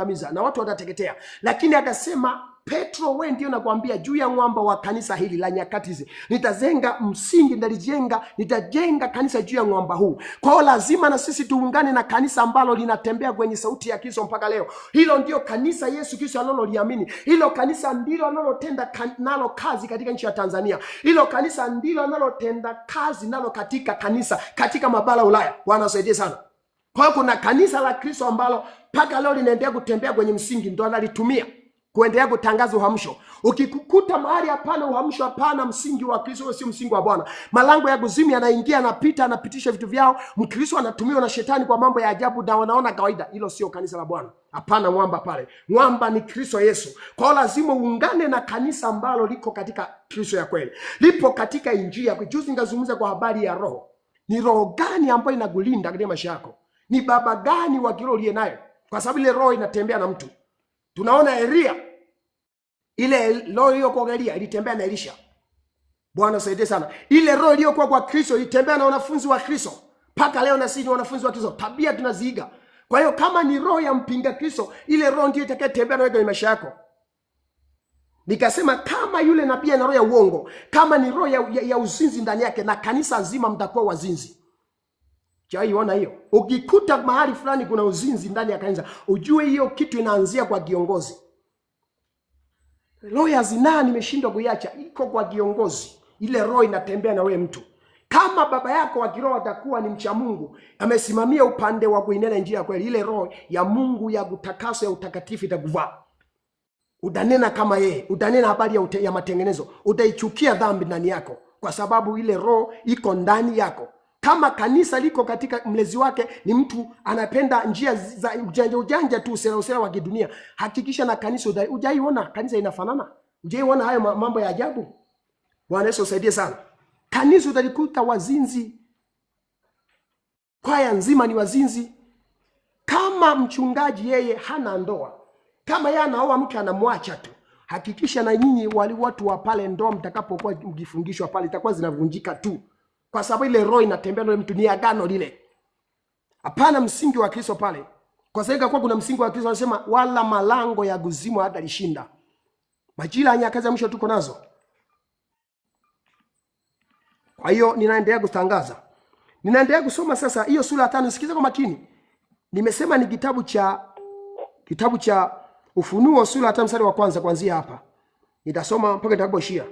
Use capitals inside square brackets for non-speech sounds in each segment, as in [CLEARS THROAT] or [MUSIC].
kuangamiza na watu watateketea, lakini akasema Petro, we ndio nakwambia juu ya mwamba wa kanisa hili la nyakati hizi nitazenga msingi, nitalijenga, nitajenga kanisa juu ya mwamba huu. Kwa hiyo lazima na sisi tuungane na kanisa ambalo linatembea kwenye sauti ya Kristo mpaka leo. Hilo ndio kanisa Yesu Kristo analoliamini, hilo kanisa ndilo analotenda kan, nalo kazi katika nchi ya Tanzania, hilo kanisa ndilo analotenda kazi nalo katika kanisa katika mabara Ulaya. Bwana asaidie sana. Kwa hiyo kuna kanisa la Kristo ambalo mpaka leo linaendelea kutembea kwenye msingi, ndo analitumia kuendelea kutangaza uhamsho. Ukikukuta mahali hapana uhamsho, hapana msingi wa Kristo, sio msingi wa Bwana. Malango ya kuzimu yanaingia, anapita, anapitisha vitu vyao. Mkristo anatumiwa na shetani kwa mambo ya ajabu na wanaona kawaida. Hilo sio kanisa la Bwana. Hapana mwamba pale, mwamba ni Kristo Yesu. Kwa hiyo lazima uungane na kanisa ambalo liko katika Kristo ya kweli, lipo katika Injili ya Juzi nikazungumza kwa habari ya roho, ni roho gani ambayo inakulinda katika maisha yako ni baba gani wa kiroho uliye naye, kwa sababu ile roho inatembea na mtu. Tunaona Elia, ile roho iliyokuwa kwa Elia ilitembea na Elisha. Bwana saidie sana. Ile roho iliyokuwa kwa Kristo ilitembea na wanafunzi wa Kristo mpaka leo, na sisi ni wanafunzi wa Kristo, tabia tunaziiga. Kwa hiyo kama ni roho ya mpinga Kristo, ile roho ndiyo itakayetembea na wewe kwenye maisha yako. Nikasema kama yule nabii ana roho ya uongo, kama ni roho ya, ya, ya uzinzi ndani yake, na kanisa zima mtakuwa wazinzi. Jaiona hiyo, ukikuta mahali fulani kuna uzinzi ndani ya kanisa, ujue hiyo kitu inaanzia kwa kiongozi. Roho ya zinaa nimeshindwa kuiacha, iko kwa kiongozi. Ile roho inatembea na we mtu. Kama baba yako wa kiroho atakuwa ni mcha Mungu, amesimamia upande wa kuinena njia ya kweli, ile roho ya Mungu ya kutakaswa ya utakatifu itakuvaa. Utanena kama yeye, utanena habari ya, ya matengenezo, utaichukia dhambi ndani yako, kwa sababu ile roho iko ndani yako. Kama kanisa liko katika mlezi wake ni mtu anapenda njia za ujanja ujanja tu, usera usera wa kidunia, hakikisha na kanisa udai. Ujaiona kanisa inafanana? Ujaiona hayo mambo ya ajabu? Bwana Yesu usaidie sana. Kanisa utalikuta wazinzi, kwaya nzima ni wazinzi. Kama mchungaji yeye hana ndoa, kama yeye anaoa mke anamwacha tu, hakikisha na nyinyi wali watu wa pale ndoa mtakapokuwa mkifungishwa pale itakuwa zinavunjika tu kwa sababu ile roho inatembea na mtu, ni agano lile. Hapana msingi wa Kristo pale, kwa sababu kwa kuna msingi wa Kristo anasema, wala malango ya kuzimu hata lishinda. Majira ya nyakati za mwisho tuko nazo. Kwa hiyo ninaendelea kutangaza, ninaendelea kusoma sasa hiyo sura ya tano. Sikiza kwa makini, nimesema ni kitabu cha kitabu cha Ufunuo sura ya tano mstari wa kwanza kuanzia hapa nitasoma mpaka nitakapoishia.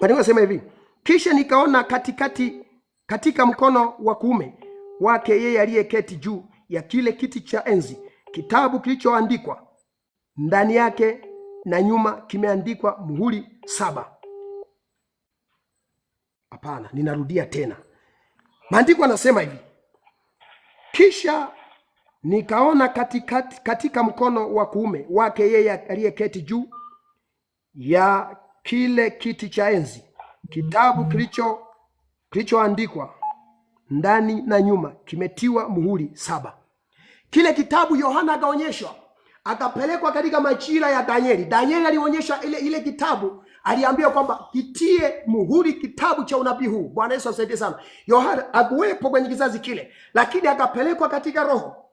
Maandiko yanasema hivi kisha nikaona katikati, katika mkono wa kuume wake yeye aliyeketi juu ya kile kiti cha enzi kitabu kilichoandikwa ndani yake na nyuma kimeandikwa muhuri saba. Hapana, ninarudia tena, maandiko anasema hivi: kisha nikaona katikati, katika mkono wa kuume wake yeye aliyeketi juu ya kile kiti cha enzi Kitabu kilicho kilichoandikwa ndani na nyuma kimetiwa muhuri saba. Kile kitabu Yohana akaonyeshwa akapelekwa katika majira ya Danieli. Danieli alionyeshwa ile ile kitabu, aliambiwa kwamba kitie muhuri kitabu cha unabii huu. Bwana Yesu asaidie sana. Yohana akuwepo kwenye kizazi kile, lakini akapelekwa katika roho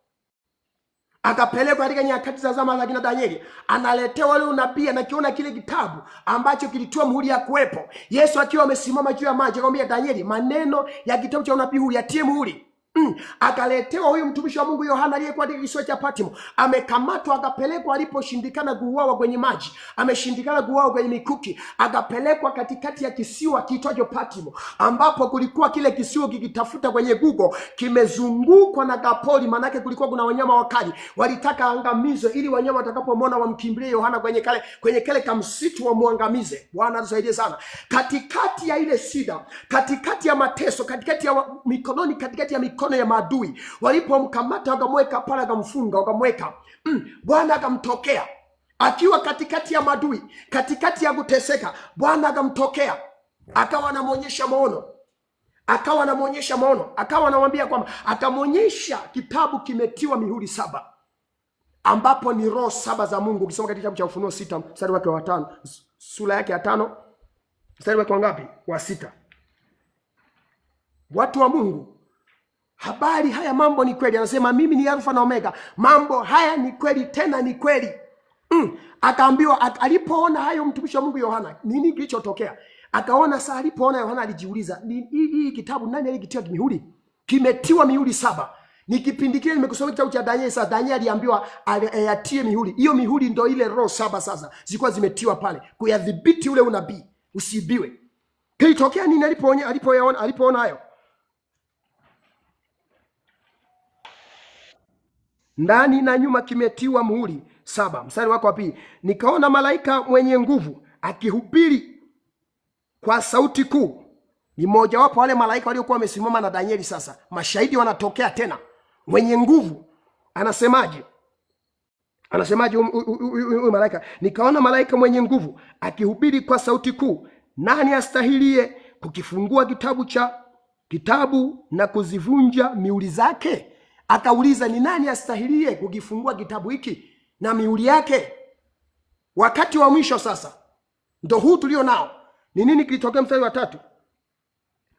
akapelekwa katika nyakati za zama za kina Danieli, analetewa ule unabii, anakiona kile kitabu ambacho kilitoa muhuri ya kuwepo. Yesu akiwa amesimama juu ya maji akamwambia Danieli, maneno ya kitabu cha unabii huu yatie muhuri. Mm. Akaletewa huyu mtumishi wa Mungu Yohana aliyekuwa kisiwa cha Patmo, amekamatwa akapelekwa, aliposhindikana kuuawa kwenye maji, ameshindikana kuuawa kwenye mikuki, akapelekwa katikati ya kisiwa kiitwacho Patmo, ambapo kulikuwa kile kisiwa kikitafuta kwenye Google kimezungukwa na gapoli, maanake kulikuwa kuna wanyama wakali, walitaka angamizo, ili wanyama watakapomwona wamkimbilie Yohana kwenye kale kwenye kale kamsitu wamwangamize. Bwana tusaidie sana, katikati ya ile sida, katikati ya mateso, katikati ya mikononi, katikati ya mikononi, mikono ya maadui. Walipomkamata wakamweka pale, akamfunga wakamweka mm, Bwana akamtokea akiwa katikati ya maadui, katikati ya kuteseka. Bwana akamtokea akawa anamwonyesha maono akawa anamwonyesha maono, akawa anamwambia kwamba, akamwonyesha kitabu kimetiwa mihuri saba, ambapo ni roho saba za Mungu. Ukisoma katika kitabu cha Ufunuo sita mstari wake wa tano, sura yake ya tano mstari wake wa ngapi? Wa sita. Watu wa Mungu, habari haya mambo ni kweli anasema mimi ni alfa na omega mambo haya ni kweli tena ni kweli mm. akaambiwa alipoona hayo mtumishi wa mungu yohana nini kilichotokea akaona saa alipoona yohana alijiuliza hii kitabu nani alikitia mihuri kimetiwa mihuri saba ni kipindi kile nimekusoma kitabu cha Danieli. Sasa Danieli aliambiwa ayatie eh, mihuri. Hiyo mihuri ndio ile roho saba sasa zilikuwa zimetiwa pale kuyadhibiti ule unabii usibiwe. Kilitokea nini alipoona alipoyaona alipoona hayo? alipo, ndani na nyuma kimetiwa muhuri. Saba, mstari wako wa pili, nikaona malaika mwenye nguvu akihubiri kwa sauti kuu. Ni mmojawapo wale malaika waliokuwa wamesimama na Danieli. Sasa mashahidi wanatokea tena, mwenye nguvu anasemaje? Anasemaje huyu malaika? Nikaona malaika mwenye nguvu akihubiri kwa sauti kuu, nani astahilie kukifungua kitabu cha kitabu na kuzivunja miuli zake? akauliza ni nani astahilie kukifungua kitabu hiki na miuli yake? Wakati wa mwisho sasa ndo huu tulio nao. Ni nini kilitokea? Mstari wa tatu,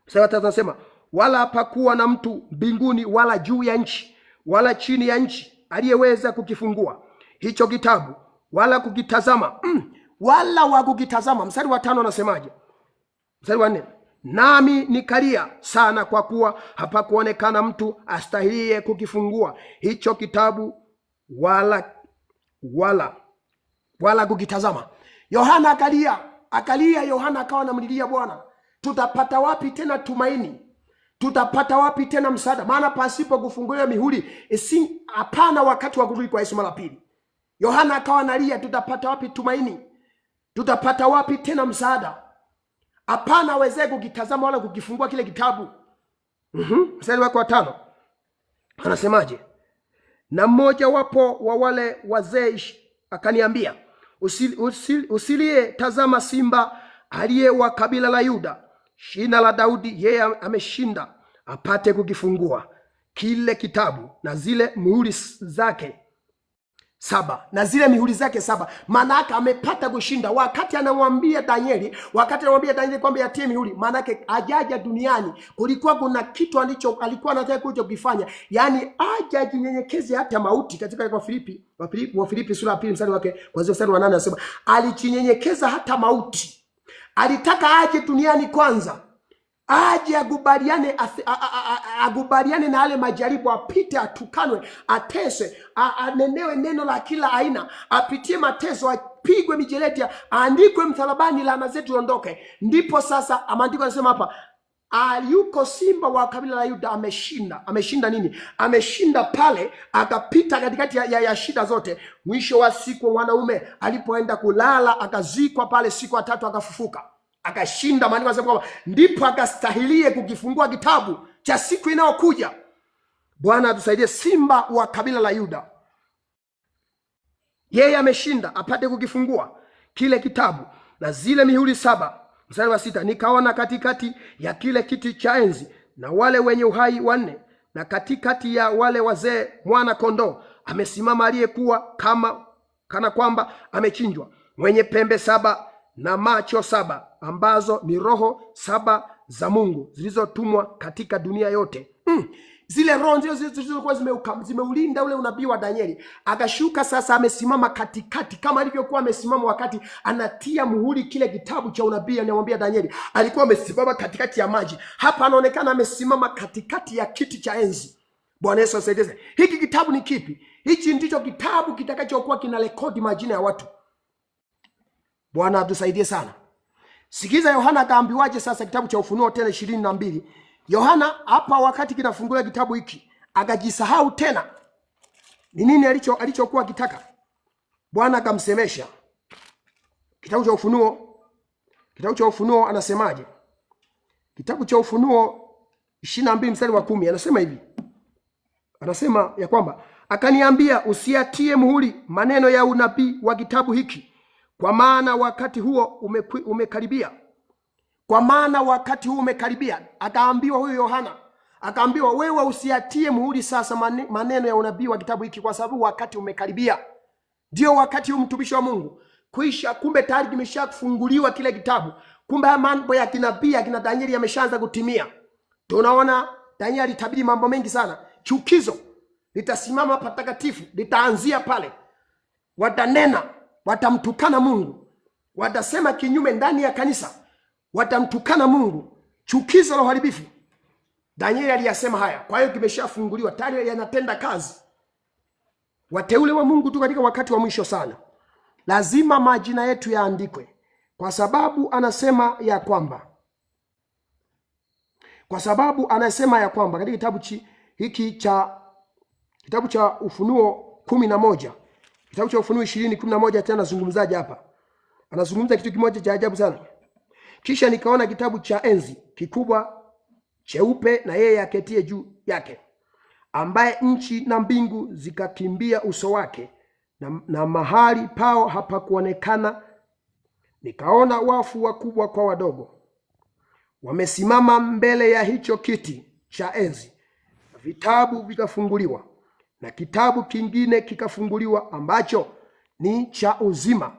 mstari wa tatu anasema wala hapakuwa na mtu mbinguni wala juu ya nchi wala chini ya nchi aliyeweza kukifungua hicho kitabu wala kukitazama, mm, [CLEARS THROAT] wala wakukitazama. Mstari wa tano anasemaje? Mstari wa nne nami nikalia sana, kwa kuwa hapakuonekana mtu astahilie kukifungua hicho kitabu wala wala wala kukitazama. Yohana akalia akalia, Yohana akawa namlilia Bwana, tutapata wapi tena tumaini? Tutapata wapi tena msaada? Maana pasipo kufunguliwa mihuri e, si hapana wakati wa kurudi kwa Yesu mara pili. Yohana akawa analia, tutapata wapi tumaini? Tutapata wapi tena msaada? hapana awezee kukitazama wala kukifungua kile kitabu. mm Mstari wake wa tano anasemaje? Na mmoja wapo wa wale wazee akaniambia, usilie usili, usilie, tazama simba aliye wa kabila la Yuda, shina la Daudi, yeye ameshinda apate kukifungua kile kitabu na zile muhuri zake saba na zile mihuri zake saba, maana yake amepata kushinda. Wakati anamwambia Danieli, wakati anamwambia Danieli kwamba yatie mihuri, maana yake ajaja duniani, kulikuwa kuna kitu alicho alikuwa anataka kuja kukifanya, yani aje ajinyenyekeze hata mauti. Katika kwa Filipi wa Filipi wa Filipi sura ya pili mstari wake kuanzia mstari wa 8 anasema alijinyenyekeza hata mauti, alitaka aje duniani kwanza aje agubaliane agubaliane na yale majaribu, apite, atukanwe, ateswe, anenewe neno la kila aina, apitie mateso, apigwe mijeledi, aandikwe msalabani, laana zetu ondoke. Ndipo sasa maandiko anasema hapa Yuko simba wa kabila la Yuda ameshinda. Ameshinda nini? Ameshinda pale, akapita katikati ya, ya, ya shida zote. Mwisho wa siku mwanaume alipoenda kulala akazikwa pale, siku ya tatu akafufuka akashinda. Maandiko yanasema kwamba ndipo akastahilie kukifungua kitabu cha siku inayokuja. Bwana atusaidie. Simba wa kabila la Yuda, yeye ameshinda apate kukifungua kile kitabu na zile mihuri saba. Mstari wa sita, nikaona katikati ya kile kiti cha enzi na wale wenye uhai wanne na katikati ya wale wazee mwana kondoo amesimama aliyekuwa kama kana kwamba amechinjwa, mwenye pembe saba na macho saba ambazo ni roho saba za Mungu zilizotumwa katika dunia yote. Mm. Zile roho ndio zilizokuwa zimeulinda ule unabii wa Danieli. Akashuka sasa, amesimama katikati kama alivyokuwa amesimama wakati anatia muhuri kile kitabu cha unabii anamwambia Danieli. Alikuwa amesimama katikati ya maji. Hapa anaonekana amesimama katikati ya kiti cha enzi. Bwana Yesu asaidie. Hiki kitabu ni kipi? Hichi ndicho kitabu kitakachokuwa kina rekodi majina ya watu. Bwana atusaidie sana. Sikiza Yohana akaambiwaje sasa, kitabu cha Ufunuo tena ishirini na mbili. Yohana hapa wakati kinafungulia kitabu hiki akajisahau tena, ni nini alicho alichokuwa kitaka. Bwana akamsemesha. Kitabu cha Ufunuo, kitabu cha Ufunuo anasemaje? Kitabu cha Ufunuo ishirini na mbili mstari wa kumi anasema hivi, anasema ya kwamba akaniambia, usiatie muhuri maneno ya unabii wa kitabu hiki kwa maana wakati huo umeku, umekaribia. Kwa maana wakati huo umekaribia. Akaambiwa huyo Yohana, akaambiwa wewe usiatie muhuri sasa maneno ya unabii wa kitabu hiki, kwa sababu wakati umekaribia. Ndio wakati huu mtumishi wa Mungu kuisha. Kumbe tayari kimesha kufunguliwa kile kitabu. Kumbe haya mambo ya kinabii akina Danieli yameshaanza kutimia. Tunaona Danieli alitabiri mambo mengi sana. Chukizo litasimama patakatifu, litaanzia pale, watanena watamtukana Mungu, watasema kinyume ndani ya kanisa, watamtukana Mungu, chukizo la uharibifu. Danieli aliyasema haya, kwa hiyo kimeshafunguliwa tayari, yanatenda kazi. Wateule wa Mungu tu katika wakati wa mwisho sana, lazima majina yetu yaandikwe, kwa sababu anasema ya kwamba kwa sababu anasema ya kwamba katika kitabu hiki cha kitabu cha Ufunuo kumi na moja Kitabu cha Ufunuo 20:11 tena anazungumzaje hapa? Anazungumza kitu kimoja cha ajabu sana. Kisha nikaona kitabu cha enzi kikubwa cheupe na yeye aketie juu yake ambaye nchi na mbingu zikakimbia uso wake na, na mahali pao hapakuonekana. Nikaona wafu wakubwa kwa wadogo wamesimama mbele ya hicho kiti cha enzi, vitabu vikafunguliwa na kitabu kingine kikafunguliwa ambacho ni cha uzima,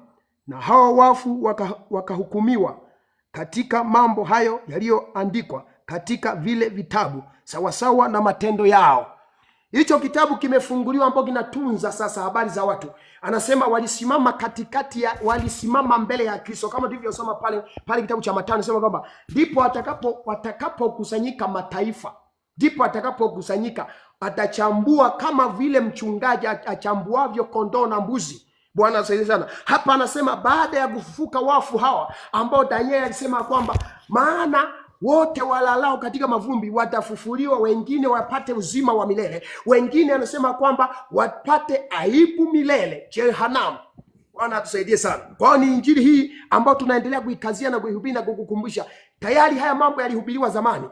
na hawa wafu wakahukumiwa waka katika mambo hayo yaliyoandikwa katika vile vitabu sawasawa na matendo yao. Hicho kitabu kimefunguliwa, ambao kinatunza sasa habari za watu. Anasema walisimama katikati ya, walisimama mbele ya Kristo, kama tulivyosoma pale pale kitabu cha Mathayo, anasema kwamba ndipo watakapokusanyika mataifa, ndipo watakapokusanyika atachambua kama vile mchungaji achambuavyo kondoo na mbuzi. Bwana asifiwe sana. Hapa anasema baada ya kufufuka wafu hawa ambao Danieli alisema kwamba maana wote walalao katika mavumbi watafufuliwa, wengine wapate uzima wa milele, wengine anasema kwamba wapate aibu milele, jehanamu. Bwana atusaidie sana. Kwa hiyo ni injili hii ambayo tunaendelea kuikazia na kuihubiri na kukukumbusha. Tayari haya mambo yalihubiriwa zamani,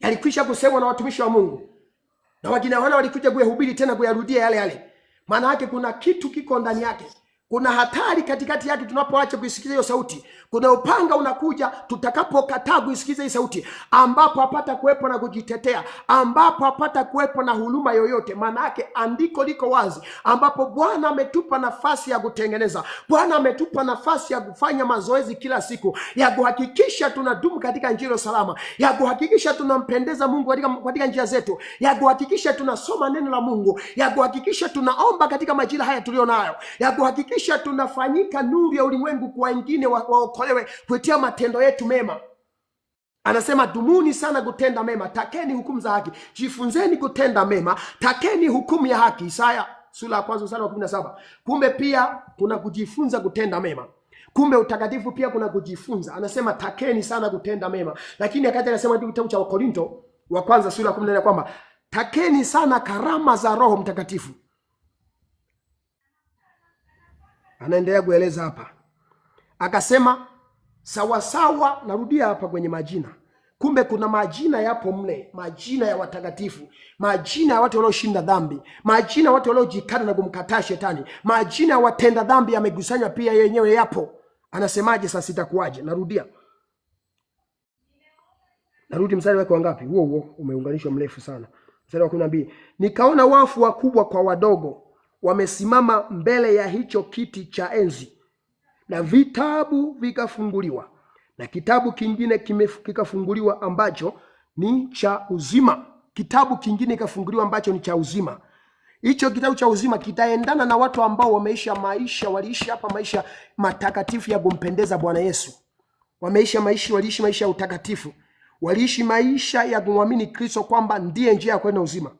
yalikwisha kusemwa na watumishi wa Mungu na wajina wale walikuja kuyahubiri tena kuyarudia yale yale. Maana yake kuna kitu kiko ndani yake kuna hatari katikati yake tunapoacha kuisikiza hiyo sauti. Kuna upanga unakuja tutakapokataa kuisikiza hii sauti, ambapo hapata kuwepo na kujitetea, ambapo hapata kuwepo na huruma yoyote. Maana yake andiko liko wazi, ambapo Bwana ametupa nafasi ya kutengeneza, Bwana ametupa nafasi ya kufanya mazoezi kila siku ya kuhakikisha tunadumu katika njia salama, ya kuhakikisha tunampendeza Mungu katika, katika njia zetu, ya kuhakikisha tunasoma neno la Mungu, ya kuhakikisha tunaomba katika majira haya tuliyonayo, ya kuhakikisha kisha tunafanyika nuru ya ulimwengu kwa wengine waokolewe wa kupitia matendo yetu mema. Anasema dumuni sana kutenda mema, takeni hukumu za haki, jifunzeni kutenda mema, takeni hukumu ya haki. Isaya sura ya kwanza mstari wa kumi na saba. Kumbe pia kuna kujifunza kutenda mema. Kumbe utakatifu pia kuna kujifunza. Anasema takeni sana kutenda mema, lakini akati anasema ndio kitabu cha Wakorinto wa kwanza sura ya kumi na nne kwamba takeni sana karama za Roho Mtakatifu Anaendelea kueleza hapa, akasema sawasawa, narudia hapa kwenye majina. Kumbe kuna majina yapo mle, majina ya watakatifu, majina ya watu walioshinda dhambi, majina ya watu waliojikana na kumkataa Shetani, majina ya watenda dhambi yamekusanywa pia, yenyewe yapo. Anasemaje sasa? Itakuwaje? Narudia, narudi mstari wake wangapi? Huo huo umeunganishwa mrefu sana, mstari wa kumi na mbili. Nikaona wafu wakubwa kwa wadogo wamesimama mbele ya hicho kiti cha enzi na vitabu vikafunguliwa, na kitabu kingine kikafunguliwa ambacho ni cha uzima. Kitabu kingine kikafunguliwa ambacho ni cha uzima. Hicho kitabu cha uzima kitaendana na watu ambao wameisha maisha, waliishi hapa maisha matakatifu ya kumpendeza Bwana Yesu, wameisha maisha, waliishi maisha ya utakatifu, waliishi maisha ya kumwamini Kristo kwamba ndiye njia ya kwenda uzima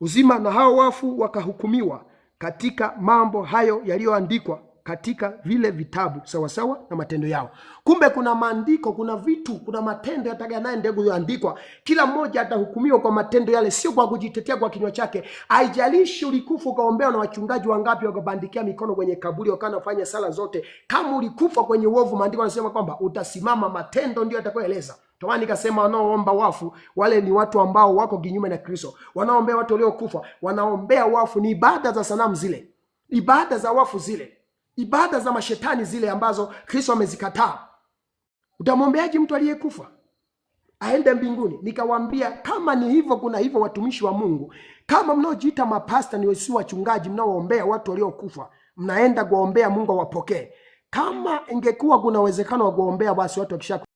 uzima, na hao wafu wakahukumiwa katika mambo hayo yaliyoandikwa katika vile vitabu sawasawa na matendo yao. Kumbe kuna maandiko, kuna vitu, kuna matendo yatakayoenda kuandikwa. Kila mmoja atahukumiwa kwa matendo yale, sio kwa kujitetea kwa kinywa chake. Haijalishi ulikufa ukaombewa na wachungaji wangapi wakabandikia mikono kwenye kaburi wakawa nafanya sala zote, kama ulikufa kwenye uovu, maandiko yanasema kwamba utasimama. Matendo ndio yatakayoeleza ndio nikasema wanaoomba wafu wale ni watu ambao wako kinyume na Kristo. Wanaombea watu waliokufa, wanaombea wafu ni ibada za sanamu zile, ibada za wafu zile, ibada za mashetani zile ambazo Kristo amezikataa. Utamwombeaje mtu aliyekufa aende mbinguni? Nikawambia kama ni hivyo, kuna hivyo watumishi wa Mungu, kama mnaojiita mapasta ni wesi wachungaji, mnaoombea watu waliokufa, mnaenda kuwaombea Mungu awapokee. Kama ingekuwa kuna uwezekano wa kuombea basi watu wakisha